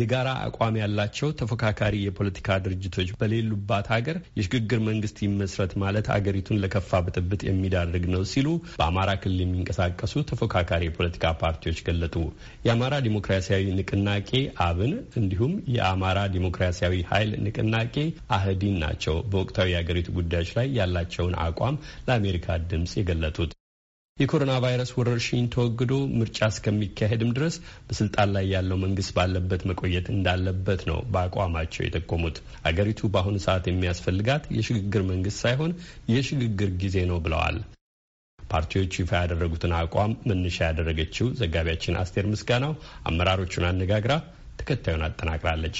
የጋራ አቋም ያላቸው ተፎካካሪ የፖለቲካ ድርጅቶች በሌሉባት ሀገር የሽግግር መንግስት ይመስረት ማለት አገሪቱን ለከፋ ብጥብጥ የሚዳርግ ነው ሲሉ በአማራ ክልል የሚንቀሳቀሱ ተፎካካሪ የፖለቲካ ፓርቲዎች ገለጡ። የአማራ ዲሞክራሲያዊ ንቅናቄ አብን፣ እንዲሁም የአማራ ዲሞክራሲያዊ ኃይል ንቅናቄ አህዲን ናቸው በወቅታዊ የአገሪቱ ጉዳዮች ላይ ያላቸውን አቋም ለአሜሪካ ድምጽ የገለጡት። የኮሮና ቫይረስ ወረርሽኝ ተወግዶ ምርጫ እስከሚካሄድም ድረስ በስልጣን ላይ ያለው መንግስት ባለበት መቆየት እንዳለበት ነው በአቋማቸው የጠቆሙት። አገሪቱ በአሁኑ ሰዓት የሚያስፈልጋት የሽግግር መንግስት ሳይሆን የሽግግር ጊዜ ነው ብለዋል። ፓርቲዎቹ ይፋ ያደረጉትን አቋም መነሻ ያደረገችው ዘጋቢያችን አስቴር ምስጋናው አመራሮቹን አነጋግራ ተከታዩን አጠናቅራለች።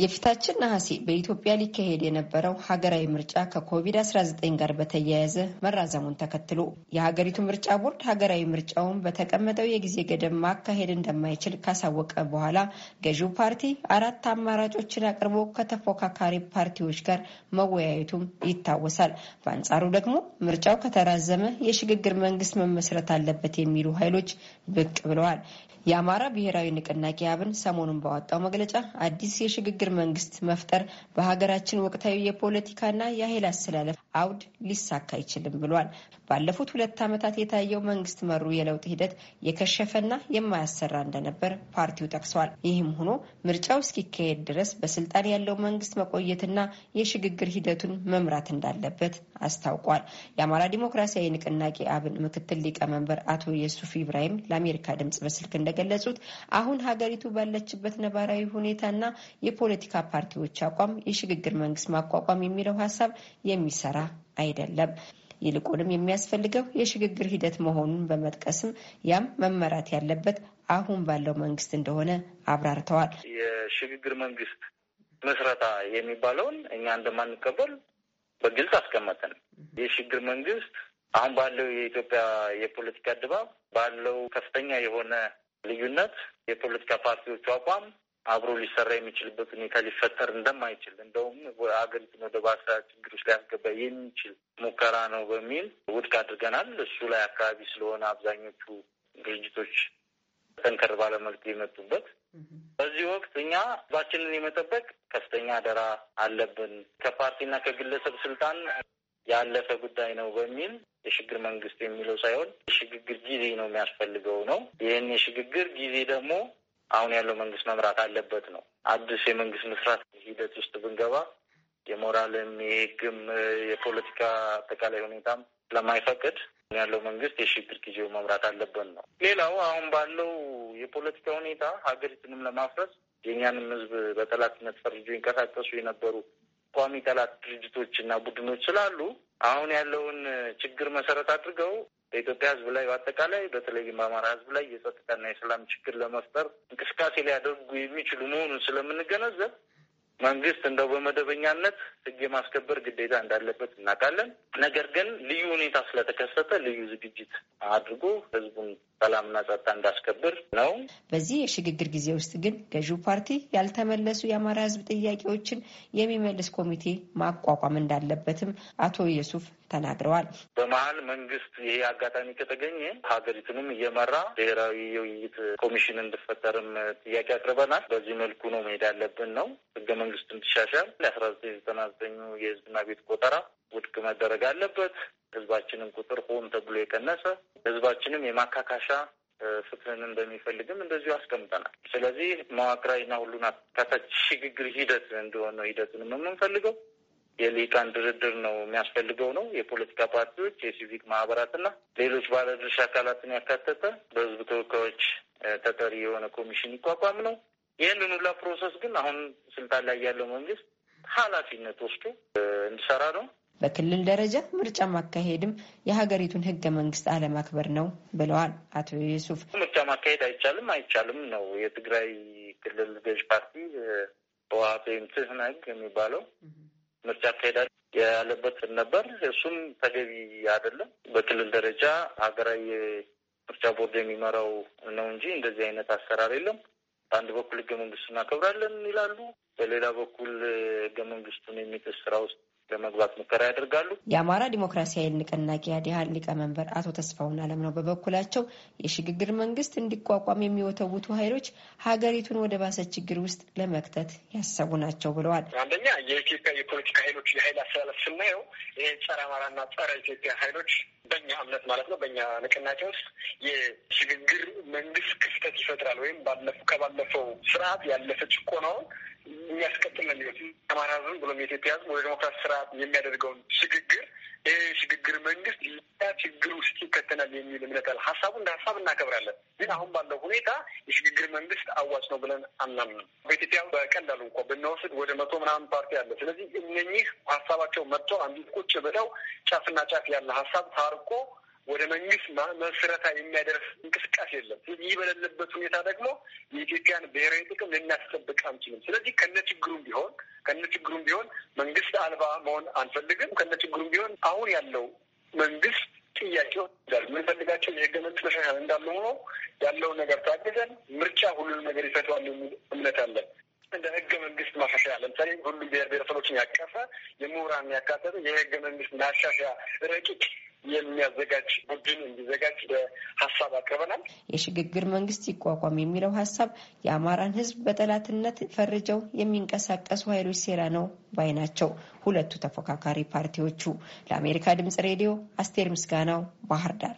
የፊታችን ነሐሴ በኢትዮጵያ ሊካሄድ የነበረው ሀገራዊ ምርጫ ከኮቪድ-19 ጋር በተያያዘ መራዘሙን ተከትሎ የሀገሪቱ ምርጫ ቦርድ ሀገራዊ ምርጫውን በተቀመጠው የጊዜ ገደብ ማካሄድ እንደማይችል ካሳወቀ በኋላ ገዢው ፓርቲ አራት አማራጮችን አቅርቦ ከተፎካካሪ ፓርቲዎች ጋር መወያየቱም ይታወሳል። በአንጻሩ ደግሞ ምርጫው ከተራዘመ የሽግግር መንግስት መመስረት አለበት የሚሉ ኃይሎች ብቅ ብለዋል። የአማራ ብሔራዊ ንቅናቄ አብን ሰሞኑን ባወጣው መግለጫ አዲስ የሽግግር የሽግግር መንግስት መፍጠር በሀገራችን ወቅታዊ የፖለቲካና የኃይል አሰላለፍ አውድ ሊሳካ አይችልም ብሏል። ባለፉት ሁለት ዓመታት የታየው መንግስት መሩ የለውጥ ሂደት የከሸፈና የማያሰራ እንደነበር ፓርቲው ጠቅሷል። ይህም ሆኖ ምርጫው እስኪካሄድ ድረስ በስልጣን ያለው መንግስት መቆየትና የሽግግር ሂደቱን መምራት እንዳለበት አስታውቋል። የአማራ ዲሞክራሲያዊ ንቅናቄ አብን ምክትል ሊቀመንበር አቶ የሱፍ ኢብራሂም ለአሜሪካ ድምጽ በስልክ እንደገለጹት አሁን ሀገሪቱ ባለችበት ነባራዊ ሁኔታና የፖለቲካ ፓርቲዎች አቋም የሽግግር መንግስት ማቋቋም የሚለው ሀሳብ የሚሰራ አይደለም። ይልቁንም የሚያስፈልገው የሽግግር ሂደት መሆኑን በመጥቀስም ያም መመራት ያለበት አሁን ባለው መንግስት እንደሆነ አብራርተዋል። የሽግግር መንግስት መስረታ የሚባለውን እኛ እንደማንቀበል በግልጽ አስቀመጠን። የሽግግር መንግስት አሁን ባለው የኢትዮጵያ የፖለቲካ ድባብ ባለው ከፍተኛ የሆነ ልዩነት የፖለቲካ ፓርቲዎቹ አቋም አብሮ ሊሰራ የሚችልበት ሁኔታ ሊፈጠር እንደማይችል እንደውም አገሪቱን ወደ ባሰ ችግሮች ሊያስገባ የሚችል ሙከራ ነው በሚል ውድቅ አድርገናል። እሱ ላይ አካባቢ ስለሆነ አብዛኞቹ ድርጅቶች ጠንከር ባለመልኩ የመጡበት በዚህ ወቅት እኛ ህዝባችንን የመጠበቅ ከፍተኛ አደራ አለብን። ከፓርቲና ከግለሰብ ስልጣን ያለፈ ጉዳይ ነው በሚል የሽግግር መንግስት የሚለው ሳይሆን የሽግግር ጊዜ ነው የሚያስፈልገው ነው። ይህን የሽግግር ጊዜ ደግሞ አሁን ያለው መንግስት መምራት አለበት ነው። አዲስ የመንግስት መስራት ሂደት ውስጥ ብንገባ የሞራልም የህግም የፖለቲካ አጠቃላይ ሁኔታም ለማይፈቅድ ያለው መንግስት የሽግግር ጊዜው መምራት አለበት ነው። ሌላው አሁን ባለው የፖለቲካ ሁኔታ ሀገሪቱንም ለማፍረስ የእኛንም ህዝብ በጠላትነት ፈርጆ ይንቀሳቀሱ የነበሩ ቋሚ ጠላት ድርጅቶች እና ቡድኖች ስላሉ አሁን ያለውን ችግር መሰረት አድርገው በኢትዮጵያ ሕዝብ ላይ በአጠቃላይ በተለይም በአማራ ሕዝብ ላይ የጸጥታና የሰላም ችግር ለመፍጠር እንቅስቃሴ ሊያደርጉ የሚችሉ መሆኑን ስለምንገነዘብ መንግስት እንደው በመደበኛነት ህግ የማስከበር ግዴታ እንዳለበት እናውቃለን። ነገር ግን ልዩ ሁኔታ ስለተከሰተ ልዩ ዝግጅት አድርጎ ህዝቡን ሰላምና ጸጥታ እንዳስከብር ነው። በዚህ የሽግግር ጊዜ ውስጥ ግን ገዢው ፓርቲ ያልተመለሱ የአማራ ሕዝብ ጥያቄዎችን የሚመልስ ኮሚቴ ማቋቋም እንዳለበትም አቶ ኢየሱፍ ተናግረዋል። በመሀል መንግስት ይሄ አጋጣሚ ከተገኘ ሀገሪቱንም እየመራ ብሔራዊ የውይይት ኮሚሽን እንድፈጠርም ጥያቄ አቅርበናል። በዚህ መልኩ ነው መሄድ ያለብን ነው። ህገ መንግስቱን ትሻሻል። ለአስራ ዘጠኝ ዘጠና ዘጠኙ የህዝብና ቤት ቆጠራ ውድቅ መደረግ አለበት። ህዝባችንም ቁጥር ሆን ተብሎ የቀነሰ ህዝባችንም የማካካሻ ፍትህን እንደሚፈልግም እንደዚሁ አስቀምጠናል። ስለዚህ መዋቅራዊና ሁሉን አካታች ሽግግር ሂደት እንደሆነ ሂደትንም የምንፈልገው የልሂቃን ድርድር ነው የሚያስፈልገው ነው። የፖለቲካ ፓርቲዎች፣ የሲቪክ ማህበራትና ሌሎች ባለድርሻ አካላትን ያካተተ በህዝብ ተወካዮች ተጠሪ የሆነ ኮሚሽን ይቋቋም ነው። ይህንን ሁላ ፕሮሰስ ግን አሁን ስልጣን ላይ ያለው መንግስት ኃላፊነት ወስዶ እንዲሰራ ነው። በክልል ደረጃ ምርጫ ማካሄድም የሀገሪቱን ህገ መንግስት አለማክበር ነው ብለዋል አቶ ዩሱፍ። ምርጫ ማካሄድ አይቻልም አይቻልም ነው የትግራይ ክልል ገዥ ፓርቲ ህወሓት ወይም ትህነግ የሚባለው ምርጫ አካሄዳል ያለበት ነበር። እሱም ተገቢ አይደለም። በክልል ደረጃ ሀገራዊ ምርጫ ቦርድ የሚመራው ነው እንጂ እንደዚህ አይነት አሰራር የለም። በአንድ በኩል ህገ መንግስት እናከብራለን ይላሉ፣ በሌላ በኩል ህገ መንግስቱን የሚጥስ ስራ ውስጥ ለመግባት ሙከራ ያደርጋሉ። የአማራ ዲሞክራሲያዊ ንቅናቄ አዲሃን ሊቀመንበር አቶ ተስፋውን ነው በበኩላቸው የሽግግር መንግስት እንዲቋቋም የሚወተውቱ ኃይሎች ሀገሪቱን ወደ ባሰ ችግር ውስጥ ለመክተት ያሰቡ ናቸው ብለዋል። አንደኛ የኢትዮጵያ የፖለቲካ ኃይሎች የኃይል አሰላለፍ ስናየው ይህ ጸረ አማራና ጸረ ኢትዮጵያ ኃይሎች በእኛ እምነት ማለት ነው በእኛ ንቅናቄ ውስጥ የሽግግር መንግስት ይፈጥራል ወይም ከባለፈው ስርዓት ያለፈ ጭቆናውን የሚያስቀጥል ነው የሚሉት የአማራ ብሎም የኢትዮጵያ ህዝብ ወደ ዲሞክራሲ ስርዓት የሚያደርገውን ሽግግር ይህ ሽግግር መንግስት ያ ችግር ውስጥ ይከተናል የሚል እምነት አለ። ሀሳቡ እንደ ሀሳብ እናከብራለን፣ ግን አሁን ባለው ሁኔታ የሽግግር መንግስት አዋጭ ነው ብለን አናምንም። በኢትዮጵያ በቀላሉ እንኳ ብንወስድ ወደ መቶ ምናምን ፓርቲ አለ። ስለዚህ እነኚህ ሀሳባቸው መጥቶ አንዱ ቁጭ ብለው ጫፍና ጫፍ ያለ ሀሳብ ታርቆ ወደ መንግስት መስረታ የሚያደርስ እንቅስቃሴ የለም። ይህ በሌለበት ሁኔታ ደግሞ የኢትዮጵያን ብሔራዊ ጥቅም ልናስጠብቅ አንችልም። ስለዚህ ከነ ችግሩም ቢሆን ከነ ችግሩም ቢሆን መንግስት አልባ መሆን አንፈልግም። ከነ ችግሩም ቢሆን አሁን ያለው መንግስት ጥያቄው ይዛል የምንፈልጋቸው የህገ መንግስት መሻሻል እንዳለ ሆኖ ያለውን ነገር ታግዘን ምርጫ ሁሉንም ነገር ይፈተዋል የሚል እምነት አለን። እንደ ማሻሻያ ለምሳሌ ሁሉም ብሔር ብሔረሰቦችን ያቀፈ የምሁራን ያካተተ የህገ መንግስት ማሻሻያ ረቂቅ የሚያዘጋጅ ቡድን እንዲዘጋጅ ሀሳብ አቅርበናል። የሽግግር መንግስት ይቋቋም የሚለው ሀሳብ የአማራን ህዝብ በጠላትነት ፈርጀው የሚንቀሳቀሱ ኃይሎች ሴራ ነው ባይ ናቸው ሁለቱ ተፎካካሪ ፓርቲዎቹ። ለአሜሪካ ድምጽ ሬዲዮ አስቴር ምስጋናው ባህር ዳር